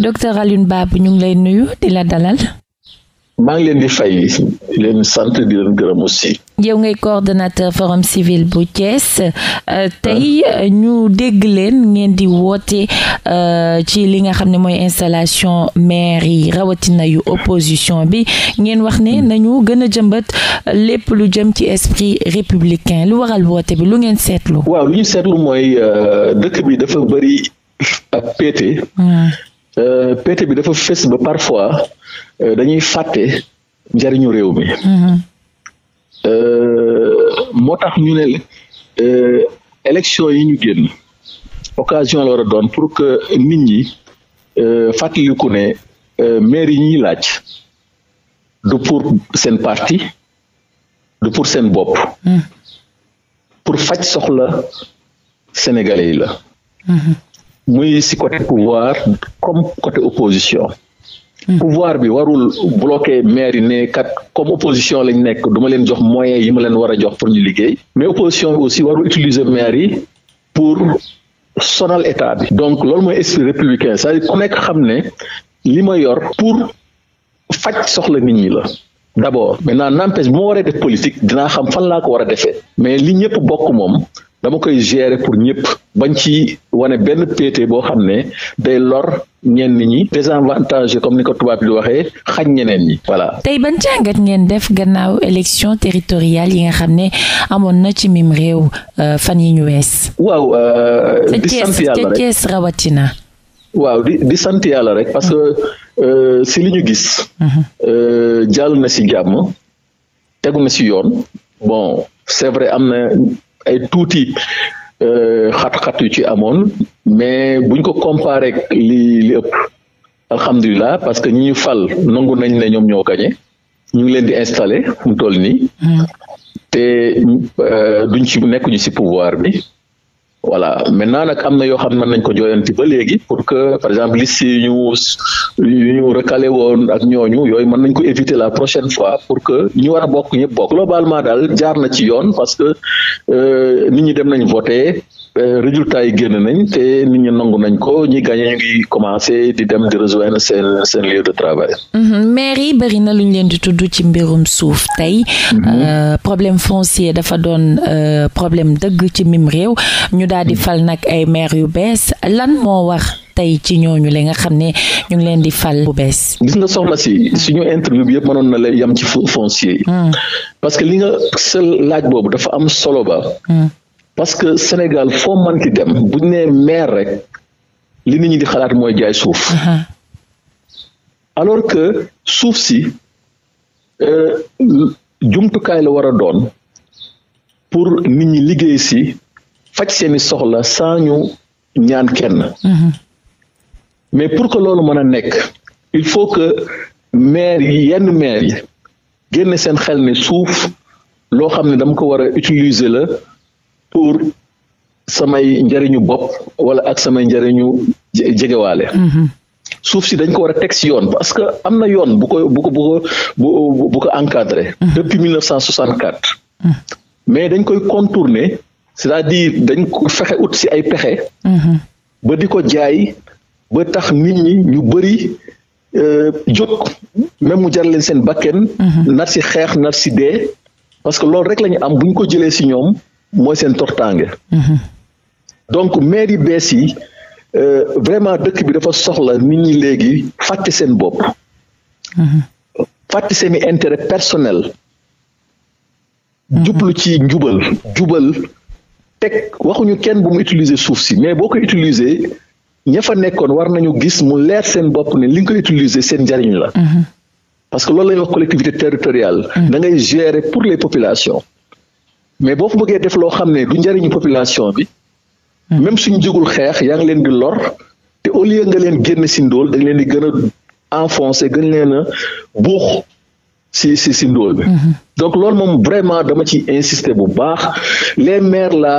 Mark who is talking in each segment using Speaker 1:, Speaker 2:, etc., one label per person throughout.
Speaker 1: docteur Alioune Ba ñu ngi lay nuyu di la dalal.
Speaker 2: maa ngi leen di fay leen sant di leen gërëm aussi.
Speaker 1: yow ngay coordonnateur forum civil bu Thiès euh, tey ñu dégg leen ngeen di woote euh, ci li nga xam ne mooy installation maire yi rawatina yu opposition bi ngeen wax ne nañu gën a jëmbat lépp lu jëm ci esprit républicain lu waral woote bi lu ngeen seetlu.
Speaker 2: waaw lu ñu seetlu mooy euh, dëkk bi dafa bëri ak péete. Hmm. Euh, PT bi dafa fees ba parfois euh, dañuy fàtte njariñu réew mi. Mm-hmm. Euh, moo tax ñu ne élection yi ñu génn occasion la war a doon pour que nit ñi fàttaliku ne maire yi ñuy laaj du pour seen parti du pour seen bopp. Mm. pour faj soxla sénégalais la. Mm-hmm. muy si côté pouvoir comme côté opposition. Mm. pouvoir bi warul bloquer maire yi ne kat comme opposition lañ nekk duma leen jox moyens yi ma leen war a jox pour ñu liggéey mais opposition bi aussi warul utiliser maire yi pour sonal état bi. donc loolu mooy esprit républicain sax à dire ku nekk xam ne li ma yor pour faj soxla nit ñi la. d' abord na n'empêche bu ma waree def politique dinaa xam fan laa ko war a defee mais li ñëpp bokk moom dama koy gérer pour ñëpp bañ ci wane benn péete boo xam ne day lor ñenn ñi désavantage comme ni ko tubaab di waxee xañ ñeneen ñi voilà.
Speaker 1: tey ban jàngat ngeen def gannaaw élection territoriale yi nga xam ne amoon na ci mim réew euh, fan yi ñu
Speaker 2: wees. waaw euh, di sant yàlla rek Thiès waaw di di sant yàlla rek parce que euh, si li ñu gis. Mhm. jàll na si jàmm tegu na si yoon bon c'est vrai am na. ay tuuti e euh, xat yu ci amoon mais buñ ko comparé li li ëpp alhamdulilah parce que ñi ñu fal nangu nañ ne ñoom ñoo gañe ñu ngi leen di installé mu toll nii mm. te euh, duñ ci nekkuñu ci pouvoir bi voilà maintenant nag am na yoo xam ne nañ ko jooyanti ba léegi pour que par exemple liste yi ñu yu ñu recalé woon ak ñooñu yooyu mën nañ ko éviter la prochaine fois pour que ñu war a bokk ñëpp bokk globalement daal jaar na ci yoon parce que euh, nit ñi dem nañ voter Euh, résultat yi génn nañ te nit ñi nangu nañ ko ñi gagné ñu ngi commencé di dem di rejoindre seen lieu de travail.
Speaker 1: Mhm. maire yi bëri na lu ñu leen di tudd ci mbirum suuf tey. Mhm. Euh, problème foncier dafa doon euh, problème dëgg ci mim réew. ñu daal di mhm. fal nag ay maire yu bees lan moo wax tey ci ñooñu la nga xam ne ñu ngi leen di fal bu bees. gis nga soxna
Speaker 2: si suñu interview bi yëpp mënoon na la yam ci foncier yi. parce que li nga sa laaj boobu dafa am solo ba. parce que Sénégal foo manti dem bu ñu nee maire rek li nit ñi di xalaat mooy jaay suuf. Uh-huh. alors que suuf si euh, jumtukaay la war a doon pour nit ñi liggéey si faj seeni soxla sans ñu ñaan kenn. Uh-huh. mais pour que loolu mën a nekk il faut que maire yi yenn maire yi génne seen xel ne suuf loo xam ne dama ko war a utiliser la. pour samay njëriñu bopp wala ak samay njëriñu jegewaale. Mm-hmm. suuf si dañ ko war a teg si yoon parce que am na yoon bu ko bu ko bu ko bu bu ko encadré. Mm-hmm. depuis 1964. Mm-hmm. mais dañ koy contourner c'est-à-dire dañ ko fexe ut si ay pexe. ba di ko jaay ba tax nit ñi ñu bëri euh, jóg même mu jar leen seen bakken. nar si xeex nar si dee. parce que loolu rek la am buñ ko jëlee si ñoom. mooy seen tortaange. Mhm. donc maire yi bees yi euh, vraiment dëkk bi dafa soxla nit ñi léegi fàtte seen bopp. Mhm. fàtte seen i intérêt personnel. Mhm. jublu ci njubal jubal teg waxuñu kenn bu mu utiliser suuf si mais boo ko utiliser ña fa nekkoon war nañu gis mu leer seen bopp ni li nga koy utiliser seen njariñ la. parce que loolu la ñuy wax collectivité territoriale. da ngay pour les populations. mais boo fa bëggee def loo xam ne du njëriñu population bi. même suñ jugul xeex yaa ngi leen di lor te au lieu nga leen génn si ndóol da leen di gën a enfoncé gën leen a buux si si si ndóol bi. Mm-hmm. donc loolu moom vraiment dama ci insister bu baax les maires la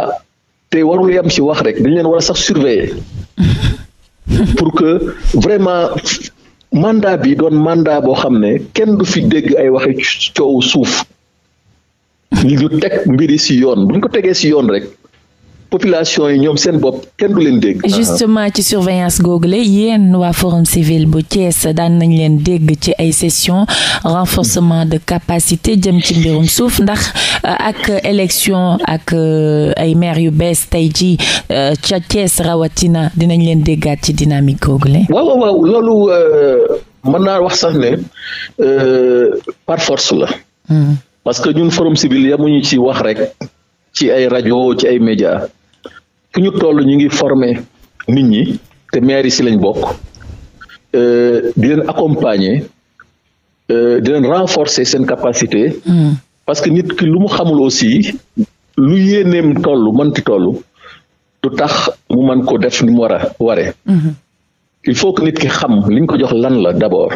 Speaker 2: te warul yam ci wax rek dañ leen war a sax surveiller. Mm-hmm. pour que vraiment mandat bi doon mandat boo xam ne kenn du fi dégg ay waxi coow suuf. ñu teg mbiri si yoon bu ko tegee si yoon rek population yi ñoom seen bopp kenn du leen dégg. Ah, ah. justement
Speaker 1: ci surveillance googule yéen waa forum civil bu Thiès daan nañ leen dégg ci ay session renforcement de capacité jëm ci mbirum suuf ndax euh, ak élection ak euh, ay maire yu bees tey jii euh, ca Thiès rawatina dinañ leen déggaat ci dynamique googule.
Speaker 2: waaw waaw loolu mën naa wax sax ne par la. Hmm. parce que ñun forum civil yamuñu ci wax rek ci ay rajo ci ay média fu ñu toll ñu ngi former nit ñi te maire yi si lañ bokk euh, di leen accompagner euh, di leen renforcer seen capacité. Mm. parce que nit ki lu mu xamul aussi lu yéeneem toll mënti toll du tax mu mën ko def ni mu war a waree. Mm-hmm. il faut que nit ki xam liñ ko jox lan la d'abord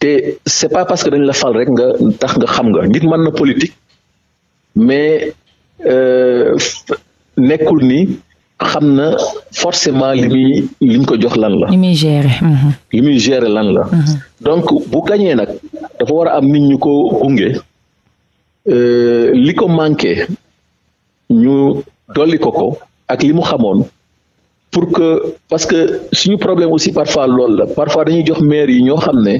Speaker 2: te c'est pas parce que dañ la fal rek nga tax nga xam nga nit mën na politique mais euh, nekkul ni xam na forcément li muy ko jox lan la.
Speaker 1: li muy
Speaker 2: mhm. lan la. Mhm. donc bu gañee nag dafa war a am nit ñu ko gunge euh, li ko manqué ñu dolli ko ko ak li mu xamoon pour que parce que suñu problème aussi parfois loolu la parfois dañuy jox maire yi ñoo xam ne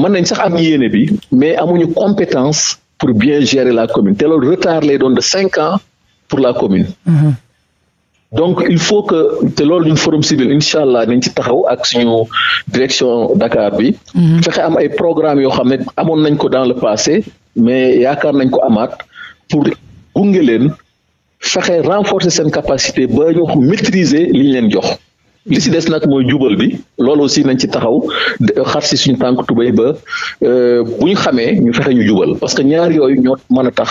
Speaker 2: man nañ sax am yéene bi mais amuñu compétence pour bien gérer la commune te loolu retard lay doon de cinq ans pour la commune donc il faut que te loolu ñun forum civil incha allah dañ ci taxaw ak suñu direction Dakar bi. fexe am ay programmes yoo xam ne amoon nañ ko dans le passé mais yaakaar nañ ko amaat pour gunge leen fexe renforcer seen capacité ba ñu maitriser liñ leen jox li si des nag mooy jubal bi loolu aussi nañ ci taxaw xar si suñu tànk tubéy ba euh, bu ñu xamee ñu fexe ñu jubal parce que ñaar yooyu ñoo mën a tax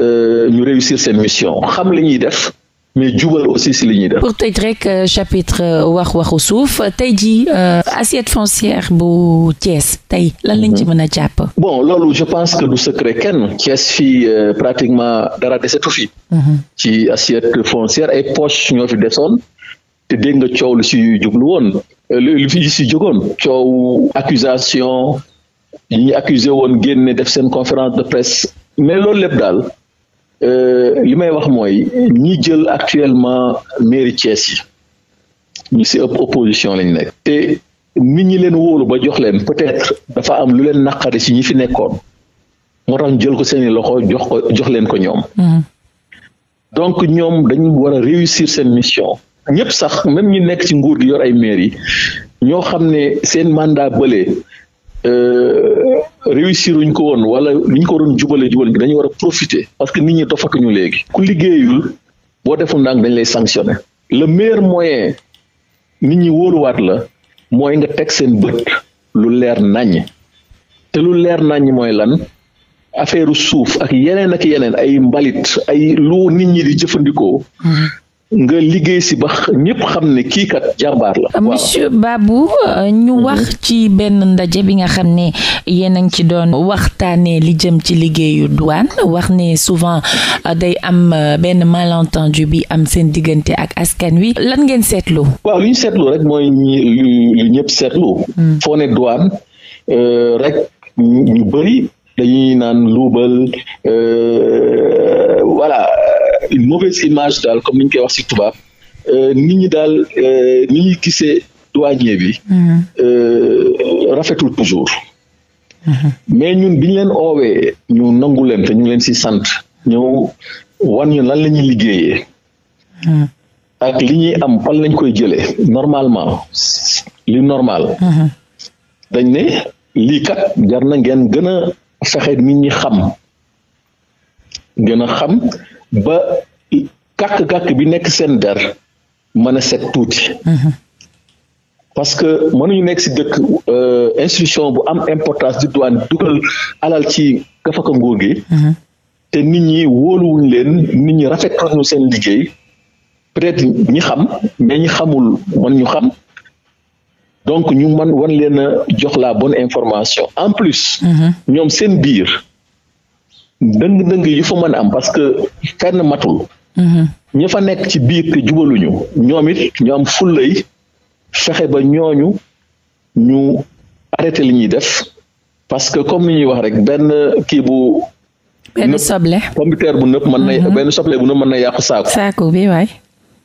Speaker 2: euh, ñu réussir seen mission xam li ñuy def mais jubal aussi si li ñuy def. pour
Speaker 1: tëj rek euh, chapitre euh, wax waxu suuf euh, tey jii assiette foncière bu Thiès tey lan lañ ci mhm. mën a jàpp.
Speaker 2: bon loolu je pense que du secret kenn Thiès fii pratiquement dara desetu fi. Mhm. ci assiette foncière ay poche ñoo fi desoon te dégg nga coow lu si jublu woon lu fi si jógoon coow accusation ñu accusé woon génne def seen conférence de presse mais loolu lépp daal. Euh, li may wax mooy ñi jël actuellement mairie Thiès yi ñu si ëpp opposition lañ nekk te nit ñi leen wóolu ba jox leen peut dafa am lu leen naqari ci ñi fi nekkoon moo tax jël ko seeni loxo jox ko jox leen ko ñoom mm. donc ñoom dañ war a réussir seen mission ñëpp sax même ñu nekk ci nguur gi yor ay maires yi ñoo xam ne seen mandat bële Euh, réussir wuñ ko woon wala li ñu ko waroon jubale jubal gi dañu war a profiter parce que nit ñi dofak ñu léegi ku liggéeyul boo deful ndànk dañ lay sanctionner le meilleur moyee nit ñi wóoluwaat la mooy nga teg seen bët lu leer naññ te lu leer naññ mooy lan affaire suuf ak yeneen ak yeneen ay mbalit ay lu nit ñi di jëfandikoo mm-hmm. nga liggéey si ba ñëpp xam ne kii kat jàmbaar monsieur Babou
Speaker 1: ñu mhm. wax ci benn ndaje bi nga xam ne yéen a ngi ci doon waxtaanee li jëm ci liggéeyu douane wax ne souvent euh, day am euh, benn malentendu bi am seen diggante ak askan wi lan ngeen seetlu.
Speaker 2: waaw li seetlu rek mooy lu ñëpp seetlu. Hmm. foo ne douane euh, rek ñu bëri dañuy naan luubal voilà. une mauvaise image daal comme ni ñu koy wax ci tubaab euh, nit ñi daal euh, ni ñuy gisee douanier bi. Mm-hmm. Euh, rafetul toujours. Mm-hmm. mais ñun bi ñu leen oowee ñu nangu leen te ñu leen ci sant ñëw wan ñu lan la ñuy liggéeyee. Mm-hmm. ak li am fan lañ koy jëlee normalement li normal. dañ ne lii kat jar ngeen gën a fexe nit xam. gën a xam ba gàkk-gàkk bi nekk seen der mën a set tuuti mhm. parce que mënuñu nekk si dëkk euh, institution bu am importance di douane dugal alal ci gafaka nguur mhm. te nit ñi wóoluwuñ leen nit ñi rafetluñu seen liggéey peut-être ñi xam mais ñi xamul mën ñu xam donc ñu man wan leen a jox la bonne information en plus mhm. ñoom seen biir dëng-dëng yi fa mën a am parce que fenn matul. ña fa nekk ci biir te jubaluñu ñoom it ñu fullay fexe ba ñooñu ñu arrêté li ñuy def parce que comme ni ñuy wax rek benn kii bu. benn soble computer bu nëpp mën na mhm. benn soble bu nëpp mën na yàqu saako.
Speaker 1: saako bi waay.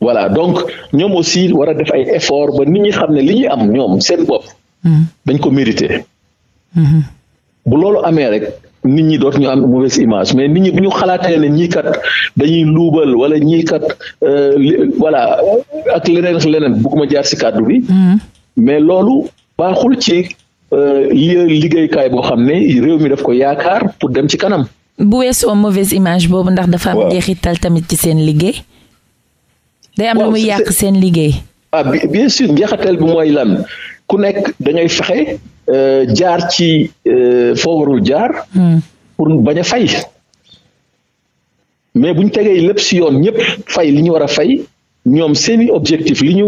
Speaker 2: voilà donc ñoom aussi war a def ay effort ba nit ñi xam ne li ñuy am ñoom seen bopp. Mhm. dañ ko mérité. Mhm. bu loolu amee rek. nit ñi dootuñu am mauvaise image mais nit ñi bu ñu xalaatee ne ñi kat dañuy luubal wala ñii kat euh, voilà ak leneen ak leneen bugguma jaar si kàddu bi. Mm-hmm. mais loolu baaxul ci euh, liggéeykaay boo xam ne réew mi def ko yaakaar pour dem ci kanam.
Speaker 1: bu weesoo mauvaise image boobu ndax dafa am jeexital tamit ci seen liggéey. day am lu muy yàq seen liggéey.
Speaker 2: ah bien sûr njeexital bi mooy lan ku nekk da ngay fexe. Euh, jaar ci euh, foo warul jaar. Hmm. pour bañ a fay. mais bu ñu tegee lépp si yoon ñëpp fay li ñu war a fay ñoom seeni objectif li ñu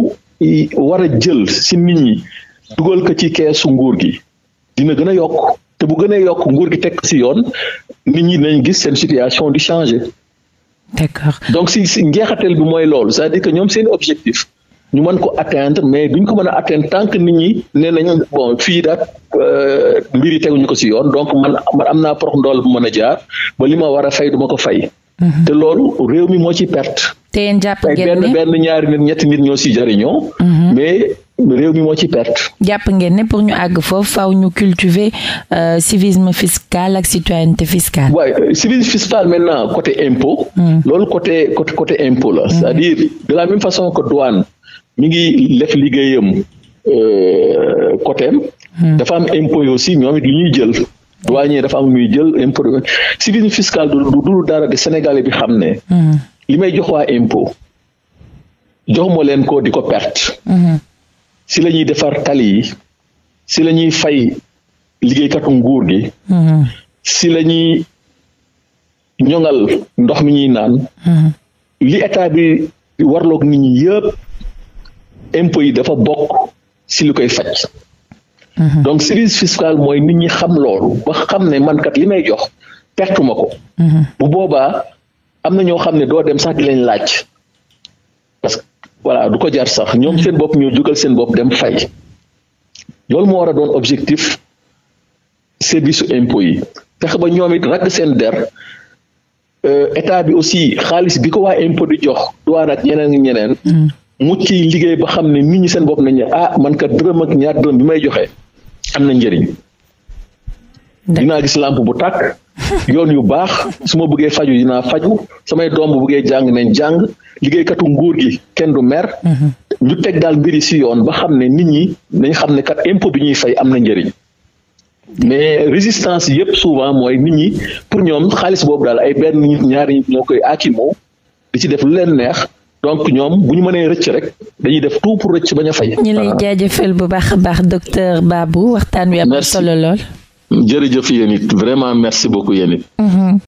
Speaker 2: war a jël si nit ñi dugal ko ci keesu nguur gi dina gën a yokk te bu gën a yokk nguur gi teg si yoon nit ñi nañ gis seen situation di changer. d'accord donc si si njeexital bi mooy loolu c'est-à-dire que ñoom seeni objectif. ñu mën ko atteindre mais duñ ko mën a atteindre tant que nit ñi nee nañ bon fii daal euh, mbir yi teguñu ko ci yoon donc man man am naa porox ndool bu mën a jaar ba li ma war a fay du ma ko fay. Mhm. te loolu réew mi moo ci perte.
Speaker 1: te yéen jàpp ngeen ne
Speaker 2: benn benn ñoo ci jariñoo. Mhm. mais mi moo ci perte.
Speaker 1: jàpp ngeen pour ñu àgg foofu faaw ñu cultiver euh, civisme fiscal ak citoyenneté
Speaker 2: fiscale. waaye euh, civisme fiscal maintenant côté impôt. Mhm. loolu côté côté côté impôt la. c'est-à-dire de la même façon que douane. mi ngi def liggéeyam euh, côté am hmm. dafa am impo aussi ñoom it lu ñuy jël douanier dafa am muy jël impôt civil fiscal du dul dara de sénégalais bi xam ne hmm. li may jox waa impôt leen ko diko ko perte hmm. si la ñuy defar tali yi si la ñuy fay liggéeykatu nguur gi si la ñoŋal ndox mi ñuy naan li état bi warloog nit ñi yëpp impôts yi dafa bokk si lu koy faj. Mhm. donc service fiscale mooy nit ñi xam loolu ba xam ne man kat li may jox perte ko. Mhm. bu boobaa am na ñoo xam ne doo dem sax di leen laaj. parce que voilà du ko jar sax ñoom mhm. seen bopp ñoo jugal seen bopp dem fay loolu moo war a doon objectif service su impôts yi fexe ba ñoom it ragg seen der euh, état bi aussi xaalis bi ko waa impôt di jox douane ak ñeneen ñeneen. mu ciy liggéey ba xam ne nit ñi seen bopp nañ ne ah man kat dërëm ak ñaar dërëm bi may joxe am na njëriñ. dinaa gis làmp bu tàkk yoon yu baax su ma bëggee faju dinaa faju samay doom bu bëggee jàng nañ jàng liggéeykatu nguur gi kenn du mer. Mm-hmm. ñu teg daal mbiri si yoon ba xam ne nit ñi nañ xam ne kat impôt bi ñuy fay am na njëriñ. mais résistance yëpp souvent mooy nit ñi pour ñoom xaalis boobu daal ay benn ñaari ñoo koy akimoo di ci def lu leen neex donc ñoom bu ñu mënee rëcc rek dañuy def tout pour rëcc bañ a fay. ñu lay
Speaker 1: jaajafeel bu baax a baax docteur Babou waxtaan wi am solo lool.
Speaker 2: jërëjëf yéen it vraiment merci beaucoup
Speaker 3: yéen